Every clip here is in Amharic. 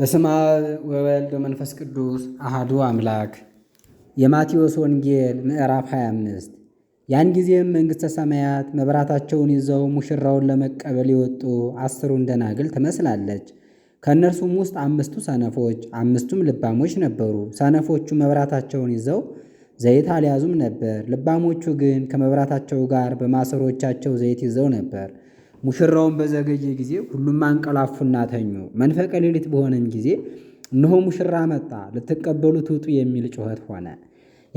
በስመ አብ ወወልድ ወመንፈስ ቅዱስ አሃዱ አምላክ። የማቴዎስ ወንጌል ምዕራፍ 25 ያን ጊዜም መንግሥተ ሰማያት መብራታቸውን ይዘው ሙሽራውን ለመቀበል የወጡ አስሩን ደናግል ትመስላለች። ከእነርሱም ውስጥ አምስቱ ሰነፎች፣ አምስቱም ልባሞች ነበሩ። ሰነፎቹ መብራታቸውን ይዘው ዘይት አልያዙም ነበር። ልባሞቹ ግን ከመብራታቸው ጋር በማሰሮቻቸው ዘይት ይዘው ነበር። ሙሽራውን በዘገየ ጊዜ ሁሉም አንቀላፉና ተኙ። መንፈቀ ሌሊት በሆነም ጊዜ እነሆ ሙሽራ መጣ፣ ልትቀበሉት ውጡ የሚል ጩኸት ሆነ።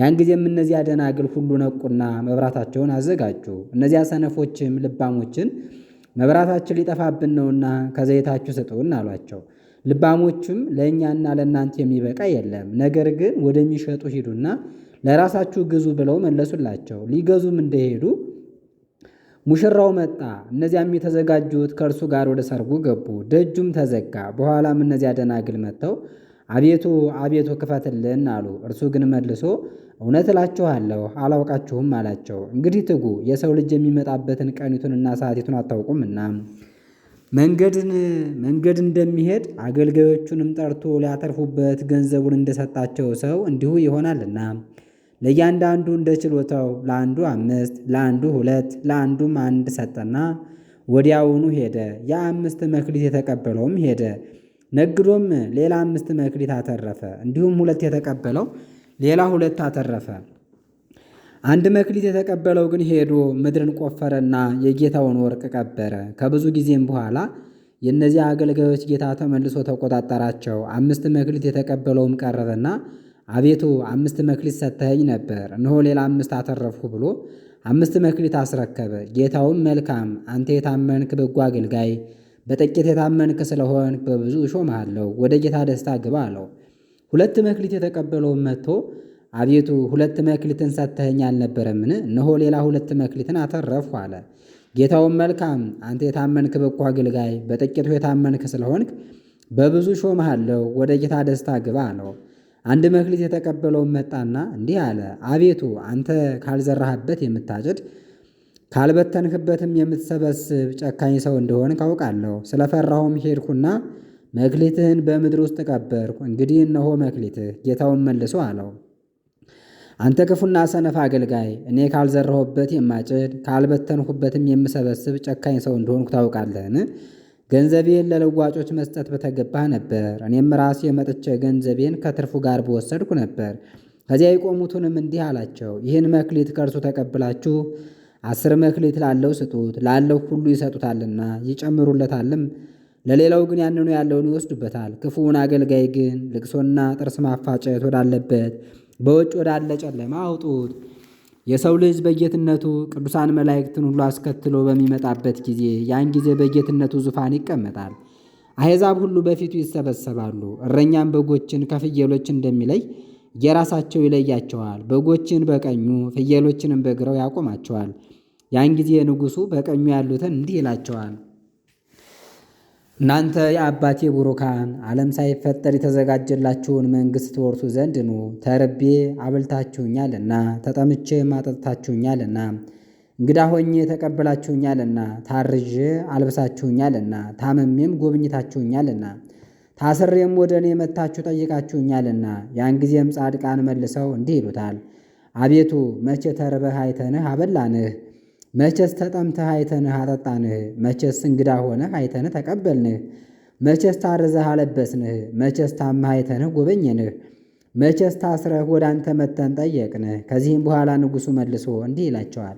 ያን ጊዜም እነዚያ ደናግል ሁሉ ነቁና መብራታቸውን አዘጋጁ። እነዚያ ሰነፎችም ልባሞችን መብራታችን ሊጠፋብን ነውና ከዘይታችሁ ስጡን አሏቸው። ልባሞቹም ለእኛና ለእናንተ የሚበቃ የለም፣ ነገር ግን ወደሚሸጡ ሂዱና ለራሳችሁ ግዙ ብለው መለሱላቸው። ሊገዙም እንደሄዱ ሙሽራው መጣ። እነዚያም የተዘጋጁት ከእርሱ ጋር ወደ ሰርጉ ገቡ። ደጁም ተዘጋ። በኋላም እነዚያ ደናግል መጥተው አቤቱ አቤቱ ክፈትልን አሉ። እርሱ ግን መልሶ እውነት እላችኋለሁ አላውቃችሁም አላቸው። እንግዲህ ትጉ፣ የሰው ልጅ የሚመጣበትን ቀኒቱንና ሰዓቲቱን አታውቁምና መንገድን መንገድ እንደሚሄድ አገልጋዮቹንም ጠርቶ ሊያተርፉበት ገንዘቡን እንደሰጣቸው ሰው እንዲሁ ይሆናልና ለእያንዳንዱ እንደ ችሎታው ለአንዱ አምስት፣ ለአንዱ ሁለት፣ ለአንዱም አንድ ሰጠና ወዲያውኑ ሄደ። የአምስት መክሊት የተቀበለውም ሄደ ነግዶም ሌላ አምስት መክሊት አተረፈ። እንዲሁም ሁለት የተቀበለው ሌላ ሁለት አተረፈ። አንድ መክሊት የተቀበለው ግን ሄዶ ምድርን ቆፈረና የጌታውን ወርቅ ቀበረ። ከብዙ ጊዜም በኋላ የእነዚህ አገልጋዮች ጌታ ተመልሶ ተቆጣጠራቸው። አምስት መክሊት የተቀበለውም ቀረበና አቤቱ አምስት መክሊት ሰተኝ ነበር፣ እነሆ ሌላ አምስት አተረፍሁ ብሎ አምስት መክሊት አስረከበ። ጌታውም መልካም፣ አንተ የታመንክ በጎ አገልጋይ፣ በጥቂት የታመንክ ስለሆንክ በብዙ እሾምሃለሁ፣ ወደ ጌታ ደስታ ግባ አለው። ሁለት መክሊት የተቀበለውን መጥቶ አቤቱ ሁለት መክሊትን ሰተኝ አልነበረምን? እነሆ ሌላ ሁለት መክሊትን አተረፍሁ አለ። ጌታውም መልካም፣ አንተ የታመንክ በጎ አገልጋይ፣ በጥቂቱ የታመንክ ስለሆንክ በብዙ እሾምሃለሁ፣ ወደ ጌታ ደስታ ግባ አለው። አንድ መክሊት የተቀበለውን መጣና እንዲህ አለ፣ አቤቱ አንተ ካልዘራህበት የምታጭድ ካልበተንህበትም የምትሰበስብ ጨካኝ ሰው እንደሆን ካውቃለሁ። ስለፈራሁም ሄድኩና መክሊትህን በምድር ውስጥ ቀበርኩ። እንግዲህ እነሆ መክሊትህ። ጌታውን መልሶ አለው፣ አንተ ክፉና ሰነፍ አገልጋይ፣ እኔ ካልዘራሁበት የማጭድ ካልበተንሁበትም የምሰበስብ ጨካኝ ሰው እንደሆንኩ ታውቃለህን? ገንዘቤን ለለዋጮች መስጠት በተገባ ነበር። እኔም ራሴ መጥቼ ገንዘቤን ከትርፉ ጋር በወሰድኩ ነበር። ከዚያ የቆሙትንም እንዲህ አላቸው፣ ይህን መክሊት ከእርሱ ተቀብላችሁ አስር መክሊት ላለው ስጡት፣ ላለው ሁሉ ይሰጡታልና ይጨምሩለታልም፣ ለሌላው ግን ያንኑ ያለውን ይወስዱበታል። ክፉውን አገልጋይ ግን ልቅሶና ጥርስ ማፋጨት ወዳለበት በውጭ ወዳለ ጨለማ አውጡት። የሰው ልጅ በጌትነቱ ቅዱሳን መላእክትን ሁሉ አስከትሎ በሚመጣበት ጊዜ ያን ጊዜ በጌትነቱ ዙፋን ይቀመጣል። አሕዛብ ሁሉ በፊቱ ይሰበሰባሉ። እረኛም በጎችን ከፍየሎች እንደሚለይ የራሳቸው ይለያቸዋል። በጎችን በቀኙ ፍየሎችንም በግራው ያቆማቸዋል። ያን ጊዜ ንጉሡ በቀኙ ያሉትን እንዲህ ይላቸዋል እናንተ የአባቴ ቡሩካን ዓለም ሳይፈጠር የተዘጋጀላችሁን መንግሥት ትወርሱ ዘንድ ኑ። ተርቤ አብልታችሁኛልና፣ ተጠምቼ ማጠጥታችሁኛልና እንግዳ ሆኜ ተቀበላችሁኛልና ታርዤ አልብሳችሁኛልና፣ ታመሜም ጎብኝታችሁኛልና፣ ታስሬም ወደ እኔ መታችሁ ጠይቃችሁኛልና። ያን ጊዜም ጻድቃን መልሰው እንዲህ ይሉታል፣ አቤቱ መቼ ተርበህ አይተንህ አበላንህ መቼስ ተጠምተህ አይተንህ አጠጣንህ፣ መቼስ እንግዳ ሆነህ አይተንህ ተቀበልንህ፣ መቼስ ታርዘህ አለበስንህ፣ መቼስ ታመህ አይተንህ ጎበኘንህ፣ መቼስ ታስረህ ወደ አንተ መተን ጠየቅንህ። ከዚህም በኋላ ንጉሡ መልሶ እንዲህ ይላቸዋል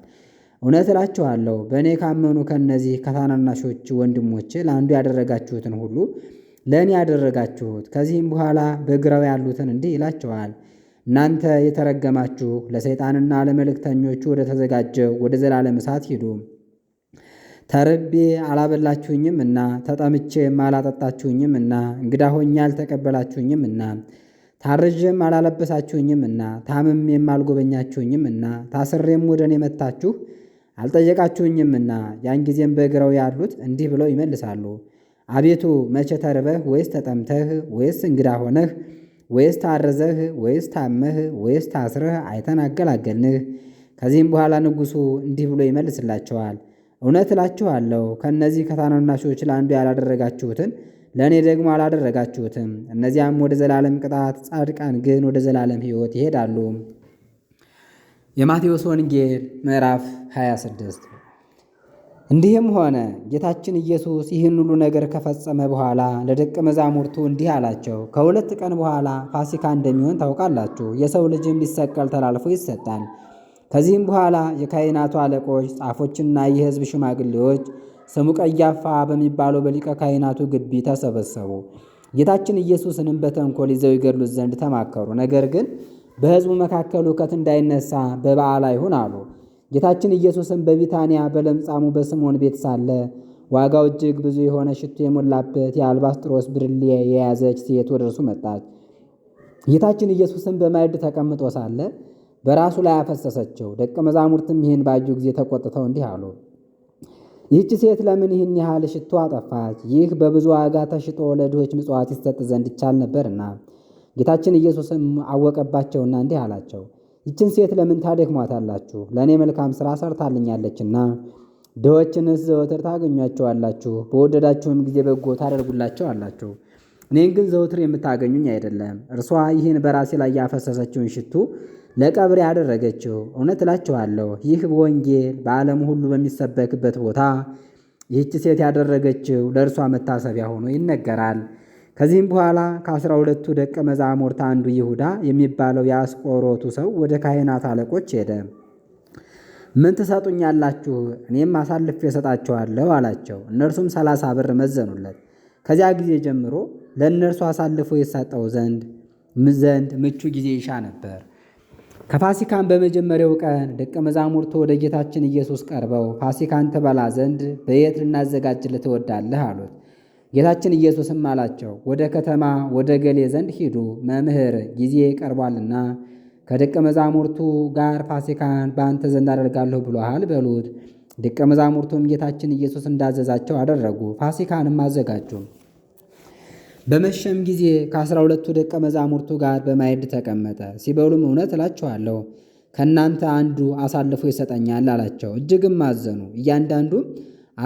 እውነት እላችኋለሁ በእኔ ካመኑ ከእነዚህ ከታናናሾች ወንድሞች ለአንዱ ያደረጋችሁትን ሁሉ ለእኔ ያደረጋችሁት። ከዚህም በኋላ በግራው ያሉትን እንዲህ ይላቸዋል እናንተ የተረገማችሁ ለሰይጣንና ለመልእክተኞቹ ወደ ተዘጋጀው ወደ ዘላለም እሳት ሂዱ። ተርቤ አላበላችሁኝም እና ተጠምቼም አላጠጣችሁኝም እና እንግዳ ሆኜ አልተቀበላችሁኝም እና ታርዤም አላለበሳችሁኝም እና ታምሜም አልጎበኛችሁኝም እና ታስሬም ወደ እኔ መጥታችሁ እና ያን ጊዜም በእግረው ያሉት እንዲህ ብለው ይመልሳሉ፣ አቤቱ መቼ ተርበህ ወይስ ተጠምተህ ወይስ እንግዳ ሆነህ ወይስ ታረዘህ ወይስ ታመህ ወይስ ታስረህ አይተን አገላገልንህ። ከዚህም በኋላ ንጉሡ እንዲህ ብሎ ይመልስላቸዋል። እውነት እላችኋለሁ ከእነዚህ ከታናናሾች ለአንዱ ያላደረጋችሁትን ለእኔ ደግሞ አላደረጋችሁትም። እነዚያም ወደ ዘላለም ቅጣት፣ ጻድቃን ግን ወደ ዘላለም ሕይወት ይሄዳሉ። የማቴዎስ ወንጌል ምዕራፍ 26 እንዲህም ሆነ፣ ጌታችን ኢየሱስ ይህን ሁሉ ነገር ከፈጸመ በኋላ ለደቀ መዛሙርቱ እንዲህ አላቸው። ከሁለት ቀን በኋላ ፋሲካ እንደሚሆን ታውቃላችሁ። የሰው ልጅም ሊሰቀል ተላልፎ ይሰጣል። ከዚህም በኋላ የካህናቱ አለቆች፣ ጻፎችና የሕዝብ ሽማግሌዎች ስሙ ቀያፋ በሚባለው በሊቀ ካህናቱ ግቢ ተሰበሰቡ። ጌታችን ኢየሱስንም በተንኮል ይዘው ይገድሉት ዘንድ ተማከሩ። ነገር ግን በሕዝቡ መካከል ሁከት እንዳይነሳ በበዓል አይሁን አሉ። ጌታችን ኢየሱስም በቢታንያ በለምጻሙ በስምዖን ቤት ሳለ ዋጋው እጅግ ብዙ የሆነ ሽቱ የሞላበት የአልባስጥሮስ ብርሌ የያዘች ሴት ወደ እርሱ መጣች። ጌታችን ኢየሱስም በማዕድ ተቀምጦ ሳለ በራሱ ላይ አፈሰሰችው። ደቀ መዛሙርትም ይህን ባዩ ጊዜ ተቆጥተው እንዲህ አሉ፣ ይህች ሴት ለምን ይህን ያህል ሽቱ አጠፋች? ይህ በብዙ ዋጋ ተሽጦ ለድሆች ምጽዋት ይሰጥ ዘንድ ይቻል ነበርና። ጌታችን ኢየሱስም አወቀባቸውና እንዲህ አላቸው ይችን ሴት ለምን ታደክሟታላችሁ? ለእኔ መልካም ሥራ ሰርታልኛለችና ድሆችንስ ዘወትር ታገኟቸዋላችሁ፣ በወደዳችሁም ጊዜ በጎ ታደርጉላቸው አላችሁ። እኔን ግን ዘወትር የምታገኙኝ አይደለም። እርሷ ይህን በራሴ ላይ ያፈሰሰችውን ሽቱ ለቀብሬ ያደረገችው። እውነት እላችኋለሁ ይህ ወንጌል በዓለም ሁሉ በሚሰበክበት ቦታ ይህች ሴት ያደረገችው ለእርሷ መታሰቢያ ሆኖ ይነገራል። ከዚህም በኋላ ከአስራ ሁለቱ ደቀ መዛሙርት አንዱ ይሁዳ የሚባለው የአስቆሮቱ ሰው ወደ ካህናት አለቆች ሄደ። ምን ትሰጡኛላችሁ? እኔም አሳልፌ እሰጣችኋለሁ አላቸው። እነርሱም ሰላሳ ብር መዘኑለት። ከዚያ ጊዜ ጀምሮ ለእነርሱ አሳልፎ የሰጠው ዘንድ ዘንድ ምቹ ጊዜ ይሻ ነበር። ከፋሲካን በመጀመሪያው ቀን ደቀ መዛሙርቱ ወደ ጌታችን ኢየሱስ ቀርበው ፋሲካን ትበላ ዘንድ በየት ልናዘጋጅልህ ትወዳለህ? አሉት። ጌታችን ኢየሱስም አላቸው፣ ወደ ከተማ ወደ ገሌ ዘንድ ሂዱ፣ መምህር ጊዜ ቀርቧልና ከደቀ መዛሙርቱ ጋር ፋሲካን በአንተ ዘንድ አደርጋለሁ ብሎሃል በሉት። ደቀ መዛሙርቱም ጌታችን ኢየሱስ እንዳዘዛቸው አደረጉ። ፋሲካንም አዘጋጁ። በመሸም ጊዜ ከአስራ ሁለቱ ደቀ መዛሙርቱ ጋር በማዕድ ተቀመጠ። ሲበሉም እውነት እላችኋለሁ ከእናንተ አንዱ አሳልፎ ይሰጠኛል አላቸው። እጅግም አዘኑ። እያንዳንዱም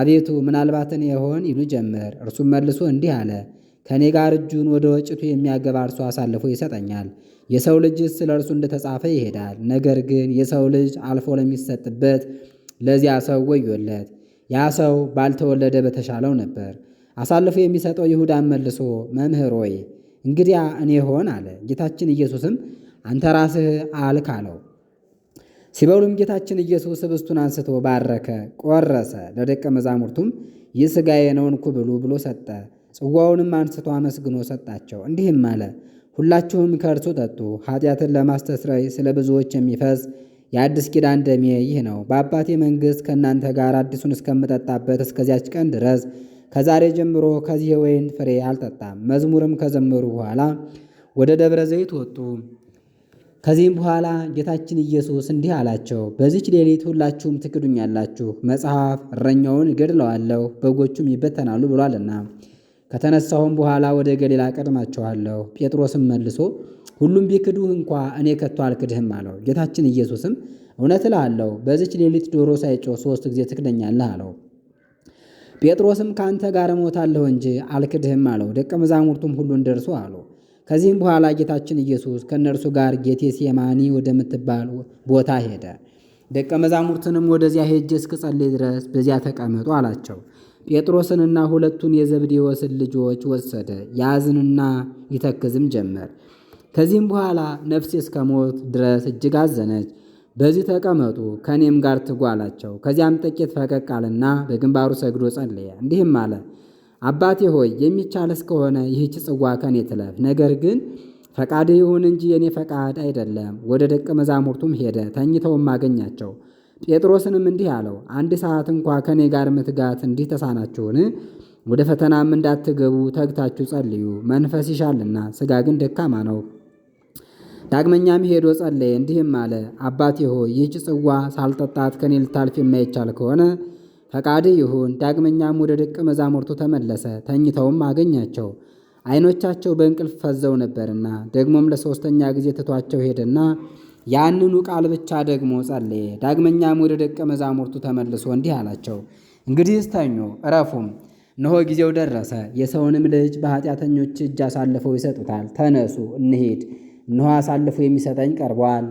አቤቱ ምናልባትን የሆን ይሉ ጀመር። እርሱም መልሶ እንዲህ አለ፣ ከእኔ ጋር እጁን ወደ ወጭቱ የሚያገባ እርሱ አሳልፎ ይሰጠኛል። የሰው ልጅስ ስለ እርሱ እንደተጻፈ ይሄዳል። ነገር ግን የሰው ልጅ አልፎ ለሚሰጥበት ለዚያ ሰው ወዮለት። ያ ሰው ባልተወለደ በተሻለው ነበር። አሳልፎ የሚሰጠው ይሁዳን መልሶ መምህር ሆይ እንግዲያ እኔ ሆን አለ። ጌታችን ኢየሱስም አንተ ራስህ አልክ አለው። ሲበሉም ጌታችን ኢየሱስ ኅብስቱን አንስቶ ባረከ፣ ቆረሰ፣ ለደቀ መዛሙርቱም ይህ ሥጋዬ ነው እንኩ ብሉ ብሎ ሰጠ። ጽዋውንም አንስቶ አመስግኖ ሰጣቸው፣ እንዲህም አለ ሁላችሁም ከእርሱ ጠጡ። ኃጢአትን ለማስተስረይ ስለ ብዙዎች የሚፈስ የአዲስ ኪዳን ደሜ ይህ ነው። በአባቴ መንግሥት ከእናንተ ጋር አዲሱን እስከምጠጣበት እስከዚያች ቀን ድረስ ከዛሬ ጀምሮ ከዚህ የወይን ፍሬ አልጠጣም። መዝሙርም ከዘመሩ በኋላ ወደ ደብረ ዘይት ወጡ። ከዚህም በኋላ ጌታችን ኢየሱስ እንዲህ አላቸው፣ በዚች ሌሊት ሁላችሁም ትክዱኛላችሁ። መጽሐፍ እረኛውን እገድለዋለሁ፣ በጎቹም ይበተናሉ ብሏልና ከተነሳሁም በኋላ ወደ ገሊላ ቀድማችኋለሁ። ጴጥሮስም መልሶ ሁሉም ቢክዱህ እንኳ እኔ ከቶ አልክድህም አለው። ጌታችን ኢየሱስም እውነት እልሃለሁ፣ በዚች ሌሊት ዶሮ ሳይጮህ ሦስት ጊዜ ትክደኛለህ አለው። ጴጥሮስም ከአንተ ጋር እሞታለሁ እንጂ አልክድህም አለው። ደቀ መዛሙርቱም ሁሉን ደርሶ አሉ። ከዚህም በኋላ ጌታችን ኢየሱስ ከእነርሱ ጋር ጌቴሴማኒ ወደምትባል ቦታ ሄደ። ደቀ መዛሙርትንም ወደዚያ ሄጄ እስክጸልይ ድረስ በዚያ ተቀመጡ አላቸው። ጴጥሮስንና ሁለቱን የዘብዴዎስን ልጆች ወሰደ፣ ያዝንና ይተክዝም ጀመር። ከዚህም በኋላ ነፍሴ እስከ ሞት ድረስ እጅግ አዘነች። በዚህ ተቀመጡ ከእኔም ጋር ትጉ አላቸው። ከዚያም ጥቂት ፈቀቅ አለና በግንባሩ ሰግዶ ጸለየ፣ እንዲህም አለ፦ አባቴ ሆይ የሚቻል እስከሆነ ይህች ጽዋ ከኔ ትለፍ፣ ነገር ግን ፈቃድ ይሁን እንጂ የእኔ ፈቃድ አይደለም። ወደ ደቀ መዛሙርቱም ሄደ፣ ተኝተውም አገኛቸው። ጴጥሮስንም እንዲህ አለው፣ አንድ ሰዓት እንኳ ከእኔ ጋር ምትጋት እንዲህ ተሳናችሁን? ወደ ፈተናም እንዳትገቡ ተግታችሁ ጸልዩ። መንፈስ ይሻልና ሥጋ ግን ደካማ ነው። ዳግመኛም ሄዶ ጸለየ፣ እንዲህም አለ፣ አባቴ ሆይ ይህች ጽዋ ሳልጠጣት ከኔ ልታልፍ የማይቻል ከሆነ ፈቃድ ይሁን። ዳግመኛም ወደ ደቀ መዛሙርቱ ተመለሰ። ተኝተውም አገኛቸው፣ ዓይኖቻቸው በእንቅልፍ ፈዘው ነበርና። ደግሞም ለሦስተኛ ጊዜ ትቷቸው ሄደና ያንኑ ቃል ብቻ ደግሞ ጸለየ። ዳግመኛም ወደ ደቀ መዛሙርቱ ተመልሶ እንዲህ አላቸው፣ እንግዲህ እስተኙ እረፉም፣ እነሆ ጊዜው ደረሰ። የሰውንም ልጅ በኃጢአተኞች እጅ አሳልፈው ይሰጡታል። ተነሱ እንሂድ፣ እነሆ አሳልፎ የሚሰጠኝ ቀርቧል።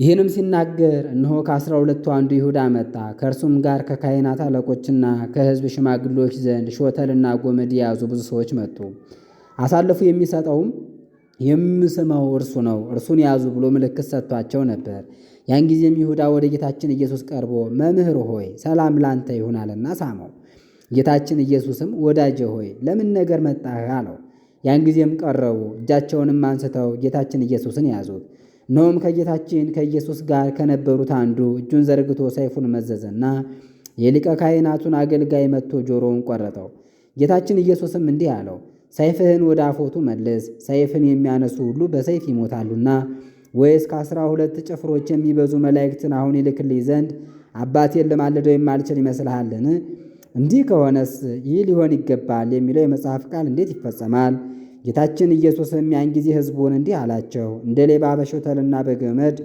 ይህንም ሲናገር እነሆ ከአስራ ሁለቱ አንዱ ይሁዳ መጣ። ከእርሱም ጋር ከካህናት አለቆችና ከሕዝብ ሽማግሌዎች ዘንድ ሾተልና ጎመድ የያዙ ብዙ ሰዎች መጡ። አሳልፉ የሚሰጠውም የምስመው እርሱ ነው፣ እርሱን ያዙ ብሎ ምልክት ሰጥቷቸው ነበር። ያን ጊዜም ይሁዳ ወደ ጌታችን ኢየሱስ ቀርቦ መምህር ሆይ ሰላም ላንተ ይሆናልና ሳመው። ጌታችን ኢየሱስም ወዳጄ ሆይ ለምን ነገር መጣህ አለው። ያን ጊዜም ቀረቡ፣ እጃቸውንም አንስተው ጌታችን ኢየሱስን ያዙት። ነውም ከጌታችን ከኢየሱስ ጋር ከነበሩት አንዱ እጁን ዘርግቶ ሰይፉን መዘዘና የሊቀ ካህናቱን አገልጋይ መጥቶ ጆሮውን ቆረጠው። ጌታችን ኢየሱስም እንዲህ አለው፣ ሰይፍህን ወደ አፎቱ መልስ። ሰይፍን የሚያነሱ ሁሉ በሰይፍ ይሞታሉና ወይስ ከአስራ ሁለት ጭፍሮች የሚበዙ መላእክትን አሁን ይልክልኝ ዘንድ አባቴን ልማልደው የማልችል ይመስልሃልን? እንዲህ ከሆነስ ይህ ሊሆን ይገባል የሚለው የመጽሐፍ ቃል እንዴት ይፈጸማል? ጌታችን ኢየሱስም ያን ጊዜ ሕዝቡን እንዲህ አላቸው፣ እንደ ሌባ በሾተልና በገመድ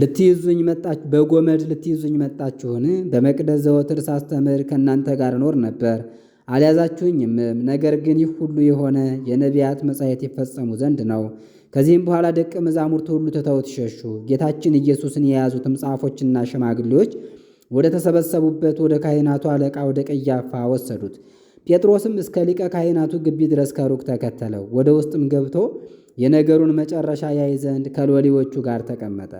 ልትይዙኝ መጣችሁ በጎመድ ልትይዙኝ መጣችሁን? በመቅደስ ዘወትር ሳስተምር ከእናንተ ጋር እኖር ነበር አልያዛችሁኝም። ነገር ግን ይህ ሁሉ የሆነ የነቢያት መጻሕፍት ይፈጸሙ ዘንድ ነው። ከዚህም በኋላ ደቀ መዛሙርት ሁሉ ትተውት ሸሹ። ጌታችን ኢየሱስን የያዙትም ጻፎችና ሽማግሌዎች ወደ ተሰበሰቡበት ወደ ካህናቱ አለቃ ወደ ቀያፋ ወሰዱት። ጴጥሮስም እስከ ሊቀ ካህናቱ ግቢ ድረስ ከሩቅ ተከተለው። ወደ ውስጥም ገብቶ የነገሩን መጨረሻ ያይ ዘንድ ከሎሌዎቹ ጋር ተቀመጠ።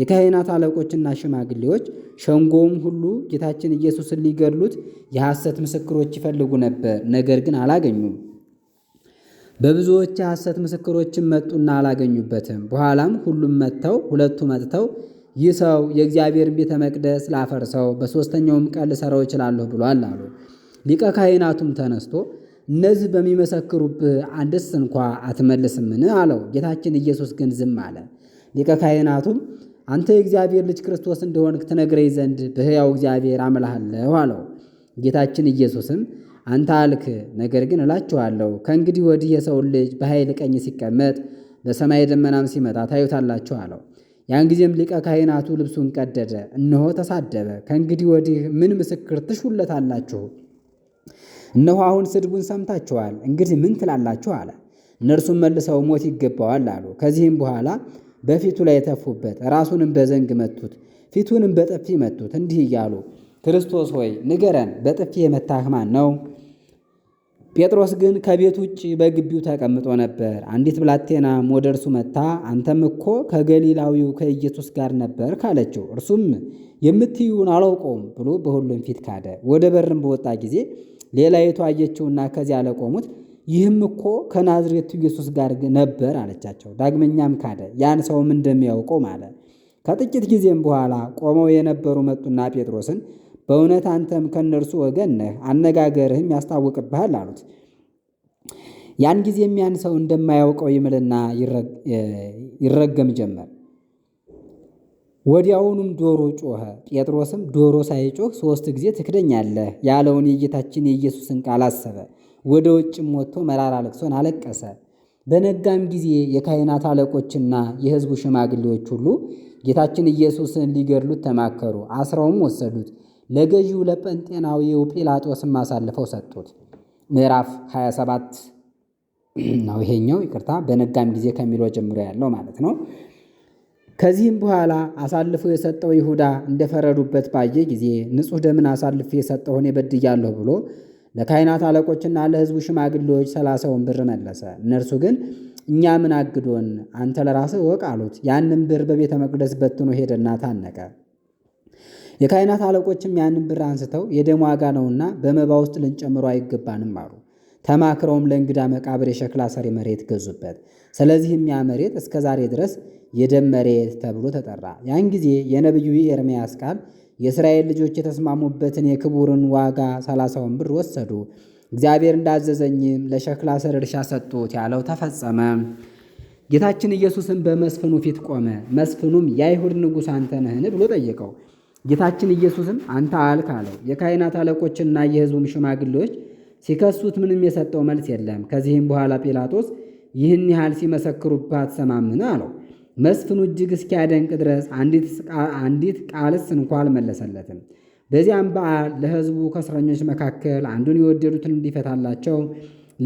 የካህናት አለቆችና ሽማግሌዎች፣ ሸንጎውም ሁሉ ጌታችን ኢየሱስን ሊገድሉት የሐሰት ምስክሮች ይፈልጉ ነበር፣ ነገር ግን አላገኙም። በብዙዎች የሐሰት ምስክሮችን መጡና አላገኙበትም። በኋላም ሁሉም መጥተው ሁለቱ መጥተው ይህ ሰው የእግዚአብሔርን ቤተ መቅደስ ላፈርሰው በሦስተኛውም ቀን ልሠራው እችላለሁ ብሏል አሉ። ሊቀ ካህናቱም ተነስቶ እነዚህ በሚመሰክሩብህ አንድስ እንኳ አትመልስምን? አለው። ጌታችን ኢየሱስ ግን ዝም አለ። ሊቀ ካህናቱም አንተ የእግዚአብሔር ልጅ ክርስቶስ እንደሆንክ ትነግረኝ ዘንድ በሕያው እግዚአብሔር አምልሃለሁ አለው። ጌታችን ኢየሱስም አንተ አልክ፣ ነገር ግን እላችኋለሁ ከእንግዲህ ወዲህ የሰውን ልጅ በኃይል ቀኝ ሲቀመጥ በሰማይ ደመናም ሲመጣ ታዩታላችሁ አለው። ያን ጊዜም ሊቀ ካህናቱ ልብሱን ቀደደ፣ እነሆ ተሳደበ። ከእንግዲህ ወዲህ ምን ምስክር ትሹለታላችሁ? እነሆ አሁን ስድቡን ሰምታችኋል፣ እንግዲህ ምን ትላላችሁ አለ። እነርሱም መልሰው ሞት ይገባዋል አሉ። ከዚህም በኋላ በፊቱ ላይ የተፉበት፣ ራሱንም በዘንግ መቱት፣ ፊቱንም በጥፊ መቱት፣ እንዲህ እያሉ ክርስቶስ ሆይ ንገረን፣ በጥፊ የመታህ ማን ነው? ጴጥሮስ ግን ከቤት ውጭ በግቢው ተቀምጦ ነበር። አንዲት ብላቴናም ወደ እርሱ መጥታ አንተም እኮ ከገሊላዊው ከኢየሱስ ጋር ነበር ካለችው፣ እርሱም የምትዩን አላውቀውም ብሎ በሁሉም ፊት ካደ። ወደ በርም በወጣ ጊዜ ሌላይቱ አየችውና ከዚያ ለቆሙት ይህም እኮ ከናዝሬቱ ኢየሱስ ጋር ነበር አለቻቸው። ዳግመኛም ካደ፣ ያን ሰውም እንደሚያውቀው ማለ። ከጥቂት ጊዜም በኋላ ቆመው የነበሩ መጡና ጴጥሮስን በእውነት አንተም ከእነርሱ ወገን ነህ፣ አነጋገርህም ያስታውቅብሃል አሉት። ያን ጊዜም ያን ሰው እንደማያውቀው ይምልና ይረገም ጀመር። ወዲያውኑም ዶሮ ጮኸ። ጴጥሮስም ዶሮ ሳይጮህ ሦስት ጊዜ ትክደኛለህ ያለውን የጌታችን የኢየሱስን ቃል አሰበ። ወደ ውጭም ወጥቶ መራራ ልቅሶን አለቀሰ። በነጋም ጊዜ የካህናት አለቆችና የሕዝቡ ሽማግሌዎች ሁሉ ጌታችን ኢየሱስን ሊገድሉት ተማከሩ። አስረውም ወሰዱት። ለገዢው ለጴንጤናዊው ጲላጦስም አሳልፈው ሰጡት። ምዕራፍ 27 ነው ይሄኛው። ይቅርታ፣ በነጋም ጊዜ ከሚለው ጀምሮ ያለው ማለት ነው። ከዚህም በኋላ አሳልፎ የሰጠው ይሁዳ እንደፈረዱበት ባየ ጊዜ ንጹሕ ደምን አሳልፌ የሰጠውን በድያለሁ ብሎ ለካህናት አለቆችና ለሕዝቡ ሽማግሌዎች ሰላሳውን ብር መለሰ። እነርሱ ግን እኛ ምን አግዶን አንተ ለራስህ እወቅ አሉት። ያንም ብር በቤተ መቅደስ በትኖ ሄደና ታነቀ። የካህናት አለቆችም ያንን ብር አንስተው የደም ዋጋ ነውና በመባ ውስጥ ልንጨምሮ አይገባንም አሉ። ተማክረውም ለእንግዳ መቃብር የሸክላ ሰሪ መሬት ገዙበት። ስለዚህም ያ መሬት እስከ ዛሬ ድረስ የደም መሬት ተብሎ ተጠራ። ያን ጊዜ የነቢዩ ኤርምያስ ቃል የእስራኤል ልጆች የተስማሙበትን የክቡርን ዋጋ ሰላሳውን ብር ወሰዱ፣ እግዚአብሔር እንዳዘዘኝም ለሸክላ ሰር እርሻ ሰጡት ያለው ተፈጸመ። ጌታችን ኢየሱስን በመስፍኑ ፊት ቆመ። መስፍኑም የአይሁድ ንጉሥ አንተ ነህን ብሎ ጠየቀው። ጌታችን ኢየሱስም አንተ አልክ አለው። የካህናት አለቆችና የሕዝቡም ሽማግሌዎች ሲከሱት ምንም የሰጠው መልስ የለም። ከዚህም በኋላ ጲላጦስ ይህን ያህል ሲመሰክሩባት ሰማምን አለው። መስፍኑ እጅግ እስኪያደንቅ ድረስ አንዲት ቃልስ እንኳ አልመለሰለትም። በዚያም በዓል ለሕዝቡ ከእስረኞች መካከል አንዱን የወደዱትን እንዲፈታላቸው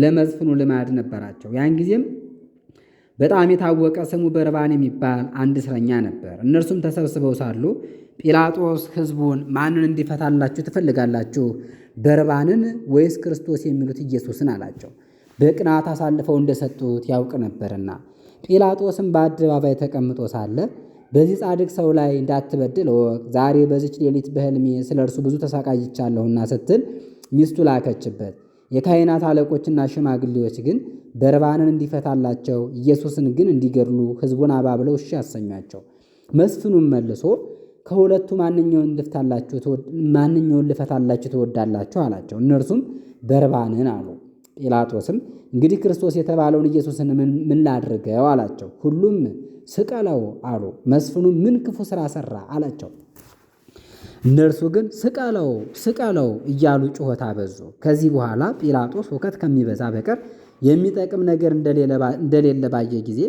ለመስፍኑ ልማድ ነበራቸው። ያን ጊዜም በጣም የታወቀ ስሙ በርባን የሚባል አንድ እስረኛ ነበር። እነርሱም ተሰብስበው ሳሉ ጲላጦስ ሕዝቡን ማንን እንዲፈታላችሁ ትፈልጋላችሁ? በርባንን ወይስ ክርስቶስ የሚሉት ኢየሱስን አላቸው። በቅናት አሳልፈው እንደሰጡት ያውቅ ነበርና ጲላጦስም በአደባባይ ተቀምጦ ሳለ በዚህ ጻድቅ ሰው ላይ እንዳትበድል እወቅ፣ ዛሬ በዚች ሌሊት በሕልሜ ስለ እርሱ ብዙ ተሳቃይቻለሁና ስትል ሚስቱ ላከችበት። የካህናት አለቆችና ሽማግሌዎች ግን በርባንን እንዲፈታላቸው ኢየሱስን ግን እንዲገድሉ ሕዝቡን አባብለው እሺ ያሰኟቸው። መስፍኑም መልሶ ከሁለቱ ማንኛውን ልፈታላችሁ ማንኛውን ልፈታላችሁ ትወዳላችሁ አላቸው። እነርሱም በርባንን አሉ። ጲላጦስም እንግዲህ ክርስቶስ የተባለውን ኢየሱስን ምን ላድርገው አላቸው። ሁሉም ስቀለው አሉ። መስፍኑ ምን ክፉ ስራ ሰራ አላቸው። እነርሱ ግን ስቀለው ስቀለው እያሉ ጩኸት አበዙ። ከዚህ በኋላ ጲላጦስ ሁከት ከሚበዛ በቀር የሚጠቅም ነገር እንደሌለ ባየ ጊዜ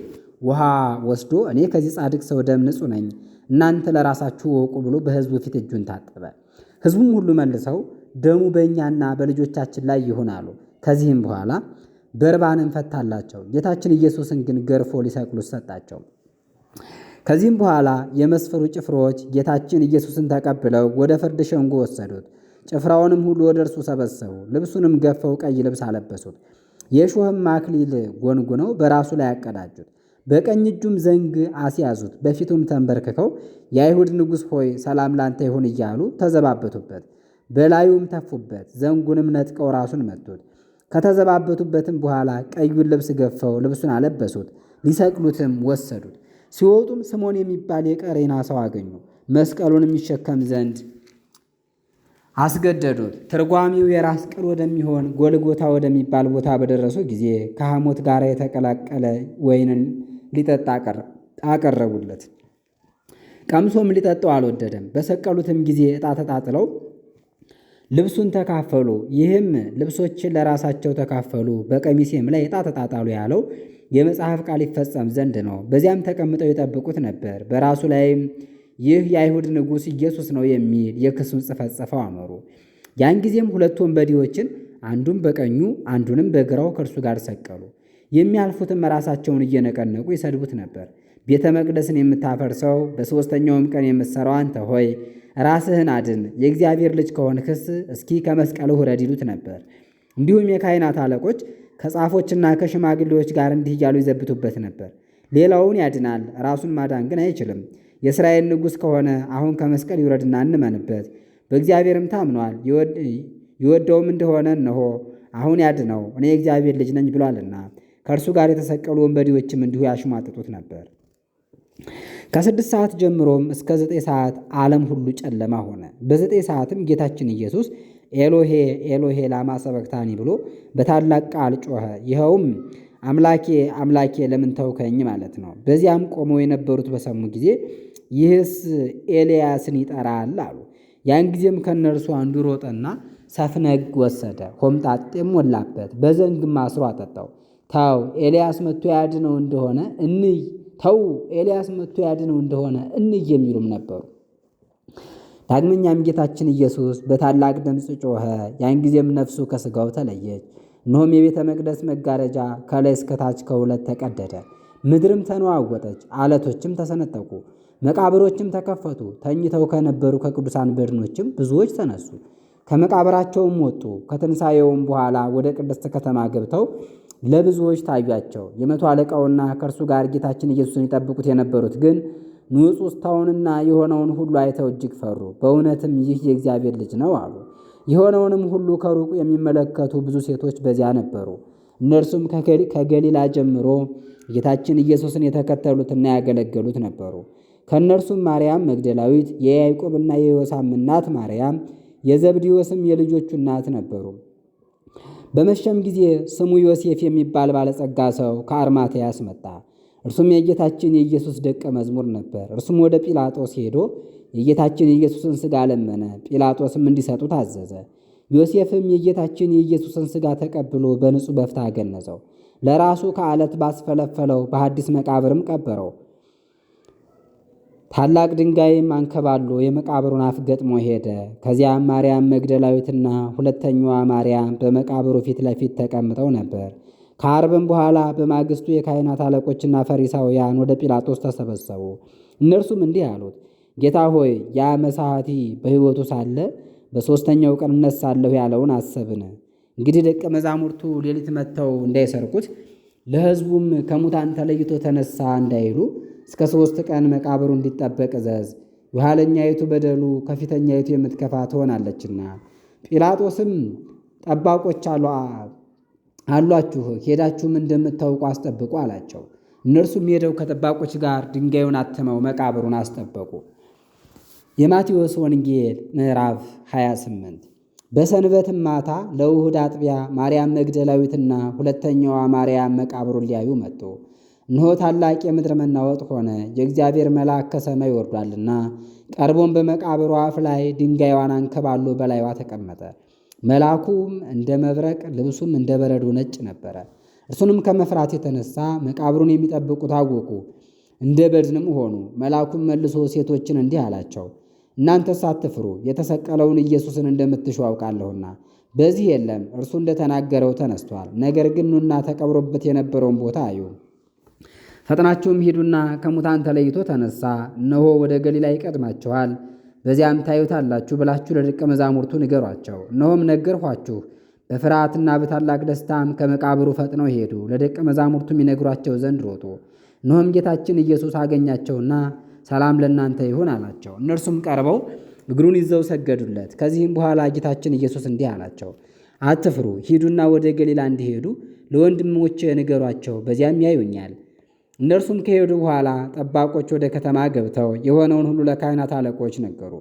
ውሃ ወስዶ እኔ ከዚህ ጻድቅ ሰው ደም ንጹሕ ነኝ፣ እናንተ ለራሳችሁ ወቁ ብሎ በሕዝቡ ፊት እጁን ታጠበ። ሕዝቡም ሁሉ መልሰው ደሙ በእኛና በልጆቻችን ላይ ይሁን አሉ። ከዚህም በኋላ በርባንን ፈታላቸው። ጌታችን ኢየሱስን ግን ገርፎ ሊሰቅሉት ሰጣቸው። ከዚህም በኋላ የመስፈሩ ጭፍሮች ጌታችን ኢየሱስን ተቀብለው ወደ ፍርድ ሸንጎ ወሰዱት። ጭፍራውንም ሁሉ ወደ እርሱ ሰበሰቡ። ልብሱንም ገፈው ቀይ ልብስ አለበሱት። የሾህም አክሊል ጎንጉነው በራሱ ላይ አቀዳጁት። በቀኝ እጁም ዘንግ አስያዙት። በፊቱም ተንበርክከው የአይሁድ ንጉሥ ሆይ ሰላም ላንተ ይሁን እያሉ ተዘባበቱበት። በላዩም ተፉበት። ዘንጉንም ነጥቀው ራሱን መቱት። ከተዘባበቱበትም በኋላ ቀዩን ልብስ ገፈው ልብሱን አለበሱት፣ ሊሰቅሉትም ወሰዱት። ሲወጡም ስሞን የሚባል የቀሬና ሰው አገኙ፣ መስቀሉን የሚሸከም ዘንድ አስገደዱት። ትርጓሚው የራስ ቅል ወደሚሆን ጎልጎታ ወደሚባል ቦታ በደረሱ ጊዜ ከሐሞት ጋር የተቀላቀለ ወይንን ሊጠጣ አቀረቡለት። ቀምሶም ሊጠጣው አልወደደም። በሰቀሉትም ጊዜ ዕጣ ተጣጥለው ልብሱን ተካፈሉ። ይህም ልብሶችን ለራሳቸው ተካፈሉ፣ በቀሚሴም ላይ ዕጣ ተጣጣሉ ያለው የመጽሐፍ ቃል ይፈጸም ዘንድ ነው። በዚያም ተቀምጠው የጠብቁት ነበር። በራሱ ላይም ይህ የአይሁድ ንጉሥ ኢየሱስ ነው የሚል የክሱን ጽሕፈት ጽፈው አኖሩ። ያን ጊዜም ሁለቱ ወንበዴዎችን አንዱን በቀኙ አንዱንም በግራው ከእርሱ ጋር ሰቀሉ። የሚያልፉትም ራሳቸውን እየነቀነቁ ይሰድቡት ነበር። ቤተ መቅደስን የምታፈርሰው በሦስተኛውም ቀን የምትሠራው አንተ ሆይ ራስህን አድን፣ የእግዚአብሔር ልጅ ከሆንክስ እስኪ ከመስቀል ውረድ ይሉት ነበር። እንዲሁም የካህናት አለቆች ከጻፎችና ከሽማግሌዎች ጋር እንዲህ እያሉ ይዘብቱበት ነበር። ሌላውን ያድናል፣ ራሱን ማዳን ግን አይችልም። የእስራኤል ንጉሥ ከሆነ አሁን ከመስቀል ይውረድና እንመንበት። በእግዚአብሔርም ታምኗል፣ ይወደውም እንደሆነ እነሆ አሁን ያድነው፣ እኔ የእግዚአብሔር ልጅ ነኝ ብሏልና። ከእርሱ ጋር የተሰቀሉ ወንበዴዎችም እንዲሁ ያሽሟጥጡት ነበር። ከስድስት ሰዓት ጀምሮም እስከ ዘጠኝ ሰዓት ዓለም ሁሉ ጨለማ ሆነ። በዘጠኝ ሰዓትም ጌታችን ኢየሱስ ኤሎሄ ኤሎሄ ላማ ሰበክታኒ ብሎ በታላቅ ቃል ጮኸ። ይኸውም አምላኬ አምላኬ ለምን ተውከኝ ማለት ነው። በዚያም ቆመው የነበሩት በሰሙ ጊዜ ይህስ ኤልያስን ይጠራል አሉ። ያን ጊዜም ከእነርሱ አንዱ ሮጠና ሰፍነግ ወሰደ፣ ሆምጣጤም ሞላበት፣ በዘንግም አስሮ አጠጣው። ታው ኤልያስ መጥቶ ያድነው እንደሆነ እንይ ተው ኤልያስ መጥቶ ያድነው እንደሆነ እንይ የሚሉም ነበሩ። ዳግመኛም ጌታችን ኢየሱስ በታላቅ ድምፅ ጮኸ። ያን ጊዜም ነፍሱ ከሥጋው ተለየች። እነሆም የቤተ መቅደስ መጋረጃ ከላይ እስከታች ከሁለት ተቀደደ። ምድርም ተነዋወጠች፣ አለቶችም ተሰነጠቁ፣ መቃብሮችም ተከፈቱ። ተኝተው ከነበሩ ከቅዱሳን በድኖችም ብዙዎች ተነሱ፣ ከመቃብራቸውም ወጡ። ከትንሣኤውም በኋላ ወደ ቅድስት ከተማ ገብተው ለብዙዎች ታዩአቸው። የመቶ አለቃውና ከእርሱ ጋር ጌታችን ኢየሱስን ይጠብቁት የነበሩት ግን ንጹሕ የሆነውን ሁሉ አይተው እጅግ ፈሩ። በእውነትም ይህ የእግዚአብሔር ልጅ ነው አሉ። የሆነውንም ሁሉ ከሩቁ የሚመለከቱ ብዙ ሴቶች በዚያ ነበሩ። እነርሱም ከገሊላ ጀምሮ ጌታችን ኢየሱስን የተከተሉትና ያገለገሉት ነበሩ። ከእነርሱም ማርያም መግደላዊት፣ የያዕቆብና የዮሳም እናት ማርያም፣ የዘብዴዎስም የልጆቹ እናት ነበሩ። በመሸም ጊዜ ስሙ ዮሴፍ የሚባል ባለጸጋ ሰው ከአርማትያስ መጣ። እርሱም የጌታችን የኢየሱስ ደቀ መዝሙር ነበር። እርሱም ወደ ጲላጦስ ሄዶ የጌታችን የኢየሱስን ሥጋ ለመነ። ጲላጦስም እንዲሰጡ ታዘዘ። ዮሴፍም የጌታችን የኢየሱስን ሥጋ ተቀብሎ በንጹሕ በፍታ ገነዘው፣ ለራሱ ከዓለት ባስፈለፈለው በሐዲስ መቃብርም ቀበረው። ታላቅ ድንጋይም አንከባሎ የመቃብሩን አፍ ገጥሞ ሄደ። ከዚያም ማርያም መግደላዊትና ሁለተኛዋ ማርያም በመቃብሩ ፊት ለፊት ተቀምጠው ነበር። ከአርብም በኋላ በማግስቱ የካህናት አለቆችና ፈሪሳውያን ወደ ጲላጦስ ተሰበሰቡ። እነርሱም እንዲህ አሉት፣ ጌታ ሆይ ያ መሳቲ በሕይወቱ ሳለ በሦስተኛው ቀን እነሳለሁ ያለውን አሰብን። እንግዲህ ደቀ መዛሙርቱ ሌሊት መጥተው እንዳይሰርቁት፣ ለሕዝቡም ከሙታን ተለይቶ ተነሳ እንዳይሉ እስከ ሦስት ቀን መቃብሩ እንዲጠበቅ እዘዝ። የኋለኛይቱ በደሉ ከፊተኛይቱ የምትከፋ ትሆናለችና። ጲላጦስም ጠባቆች አሏችሁ፣ ሄዳችሁም እንደምታውቁ አስጠብቁ አላቸው። እነርሱም ሄደው ከጠባቆች ጋር ድንጋዩን አትመው መቃብሩን አስጠበቁ። የማቴዎስ ወንጌል ምዕራፍ 28 በሰንበትም ማታ ለውሁድ አጥቢያ ማርያም መግደላዊትና ሁለተኛዋ ማርያም መቃብሩን ሊያዩ መጡ። ንሆ ታላቅ የምድር መናወጥ ሆነ፣ የእግዚአብሔር መልአክ ከሰማይ ወርዷልና። ቀርቦም በመቃብሩ አፍ ላይ ድንጋይዋን አንከባሎ በላይዋ ተቀመጠ። መልአኩም እንደ መብረቅ ልብሱም እንደ በረዶ ነጭ ነበረ። እርሱንም ከመፍራት የተነሳ መቃብሩን የሚጠብቁ ታወቁ፣ እንደ በድንም ሆኑ። መልአኩም መልሶ ሴቶችን እንዲህ አላቸው፣ እናንተስ አትፍሩ፣ የተሰቀለውን ኢየሱስን እንደምትሹ አውቃለሁና በዚህ የለም፣ እርሱ እንደተናገረው ተነስቷል። ነገር ግን ኑና ተቀብሮበት የነበረውን ቦታ አዩም። ፈጥናችሁም ሂዱና ከሙታን ተለይቶ ተነሳ፣ እነሆ ወደ ገሊላ ይቀድማችኋል፣ በዚያም ታዩታላችሁ ብላችሁ ለደቀ መዛሙርቱ ንገሯቸው። እነሆም ነገርኋችሁ። በፍርሃትና በታላቅ ደስታም ከመቃብሩ ፈጥነው ሄዱ፣ ለደቀ መዛሙርቱም ይነግሯቸው ዘንድ ሮጡ። እነሆም ጌታችን ኢየሱስ አገኛቸውና ሰላም ለእናንተ ይሁን አላቸው። እነርሱም ቀርበው እግሩን ይዘው ሰገዱለት። ከዚህም በኋላ ጌታችን ኢየሱስ እንዲህ አላቸው፣ አትፍሩ። ሂዱና ወደ ገሊላ እንዲሄዱ ለወንድሞቼ ንገሯቸው፣ በዚያም ያዩኛል። እነርሱም ከሄዱ በኋላ ጠባቆች ወደ ከተማ ገብተው የሆነውን ሁሉ ለካህናት አለቆች ነገሩ።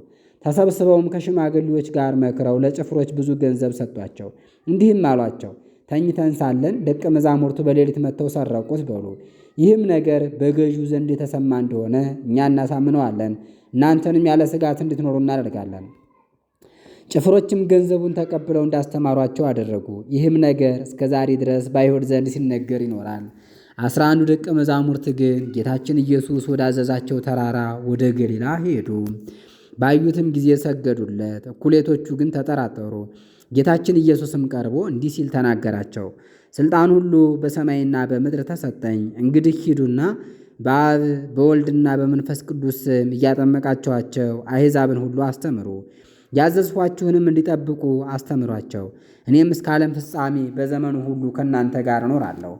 ተሰብስበውም ከሽማግሌዎች ጋር መክረው ለጭፍሮች ብዙ ገንዘብ ሰጧቸው። እንዲህም አሏቸው፣ ተኝተን ሳለን ደቀ መዛሙርቱ በሌሊት መጥተው ሰረቁት በሉ። ይህም ነገር በገዢው ዘንድ የተሰማ እንደሆነ እኛ እናሳምነዋለን፣ እናንተንም ያለ ስጋት እንድትኖሩ እናደርጋለን። ጭፍሮችም ገንዘቡን ተቀብለው እንዳስተማሯቸው አደረጉ። ይህም ነገር እስከ ዛሬ ድረስ በአይሁድ ዘንድ ሲነገር ይኖራል። አስራ አንዱ ደቀ መዛሙርት ግን ጌታችን ኢየሱስ ወዳዘዛቸው ተራራ ወደ ገሊላ ሄዱ። ባዩትም ጊዜ ሰገዱለት። እኩሌቶቹ ግን ተጠራጠሩ። ጌታችን ኢየሱስም ቀርቦ እንዲህ ሲል ተናገራቸው። ሥልጣን ሁሉ በሰማይና በምድር ተሰጠኝ። እንግዲህ ሂዱና በአብ በወልድና በመንፈስ ቅዱስ ስም እያጠመቃችኋቸው አሕዛብን ሁሉ አስተምሩ፣ ያዘዝኋችሁንም እንዲጠብቁ አስተምሯቸው። እኔም እስከ ዓለም ፍጻሜ በዘመኑ ሁሉ ከእናንተ ጋር እኖራለሁ።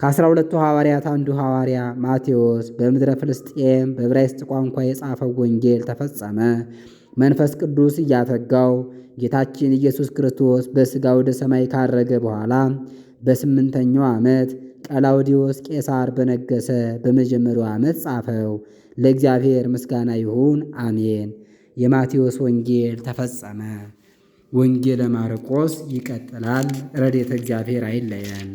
ከአስራ ሁለቱ ሐዋርያት አንዱ ሐዋርያ ማቴዎስ በምድረ ፍልስጤም በዕብራይስጥ ቋንቋ የጻፈው ወንጌል ተፈጸመ። መንፈስ ቅዱስ እያተጋው ጌታችን ኢየሱስ ክርስቶስ በሥጋ ወደ ሰማይ ካረገ በኋላ በስምንተኛው ዓመት ቀላውዲዮስ ቄሳር በነገሰ በመጀመሪያው ዓመት ጻፈው። ለእግዚአብሔር ምስጋና ይሁን፣ አሜን። የማቴዎስ ወንጌል ተፈጸመ። ወንጌለ ማርቆስ ይቀጥላል። ረድኤተ እግዚአብሔር አይለየን።